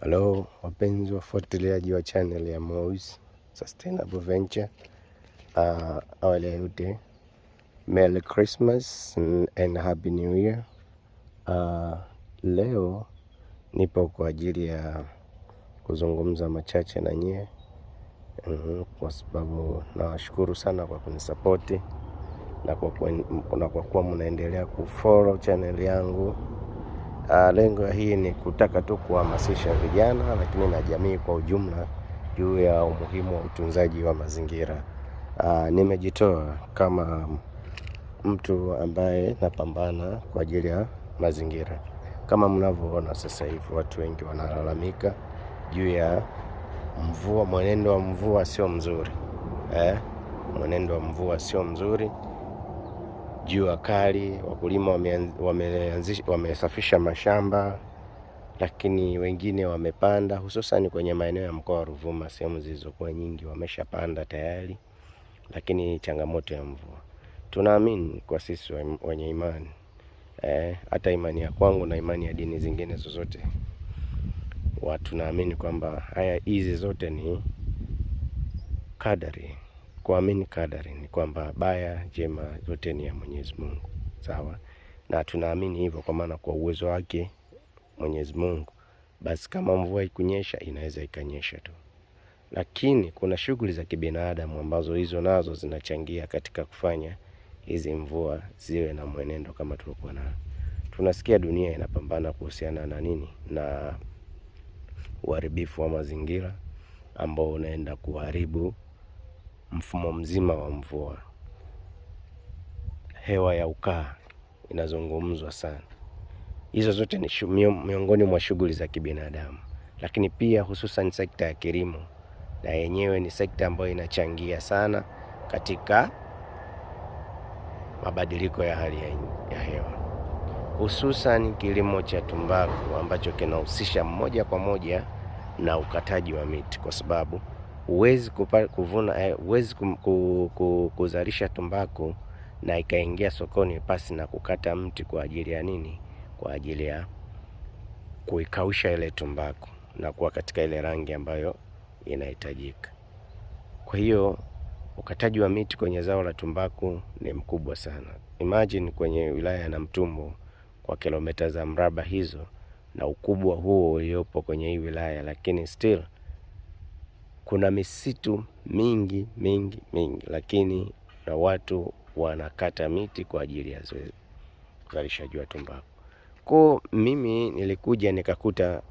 Halo wapenzi wafuatiliaji wa channel ya Moz Sustainable Venture. Uh, awali ya yote Merry Christmas and Happy New Year. Uh, leo nipo kwa ajili ya kuzungumza machache na nyie mm, kwa sababu nawashukuru sana kwa kunisapoti na kwa kuwa mnaendelea kufollow channel yangu Ah, lengo hii ni kutaka tu kuhamasisha vijana lakini na jamii kwa ujumla juu ya umuhimu wa utunzaji wa mazingira. Ah, nimejitoa kama mtu ambaye napambana kwa ajili ya mazingira. Kama mnavyoona sasa hivi watu wengi wanalalamika juu ya mvua, mwenendo wa mvua sio mzuri eh? Mwenendo wa mvua sio mzuri jua kali, wakulima wamesafisha mashamba, lakini wengine wamepanda, hususan kwenye maeneo ya mkoa wa Ruvuma, sehemu zilizokuwa nyingi wameshapanda tayari, lakini changamoto ya mvua. Tunaamini kwa sisi wenye imani eh, hata imani ya kwangu na imani ya dini zingine zozote, tunaamini kwamba haya hizi zote ni kadari kuamini kadari ni kwamba baya jema zote ni ya Mwenyezi Mungu, sawa. Na tunaamini hivyo kwa maana kwa uwezo wake Mwenyezi Mungu, basi kama mvua ikunyesha inaweza ikanyesha tu, lakini kuna shughuli za kibinadamu ambazo hizo nazo zinachangia katika kufanya hizi mvua ziwe na mwenendo kama tulikuwa na tunasikia dunia inapambana kuhusiana na nini, na uharibifu wa mazingira ambao unaenda kuharibu mfumo mzima wa mvua. Hewa ya ukaa inazungumzwa sana. Hizo zote ni miongoni mwa shughuli za kibinadamu, lakini pia hususan sekta ya kilimo na yenyewe ni sekta ambayo inachangia sana katika mabadiliko ya hali ya hewa, hususan kilimo cha tumbaku ambacho kinahusisha moja kwa moja na ukataji wa miti kwa sababu huwezi kuvuna, eh, huwezi kuzalisha tumbaku na ikaingia sokoni pasi na kukata mti kwa ajili ya nini? Kwa ajili ya kuikausha ile tumbaku na kuwa katika ile rangi ambayo inahitajika. Kwa hiyo ukataji wa miti kwenye zao la tumbaku ni mkubwa sana. Imagine kwenye wilaya ya Namtumbo kwa kilomita za mraba hizo na ukubwa huo uliopo kwenye hii wilaya, lakini still kuna misitu mingi mingi mingi, lakini na watu wanakata miti kwa ajili ya uzalishaji wa tumbaku. Kwa mimi nilikuja nikakuta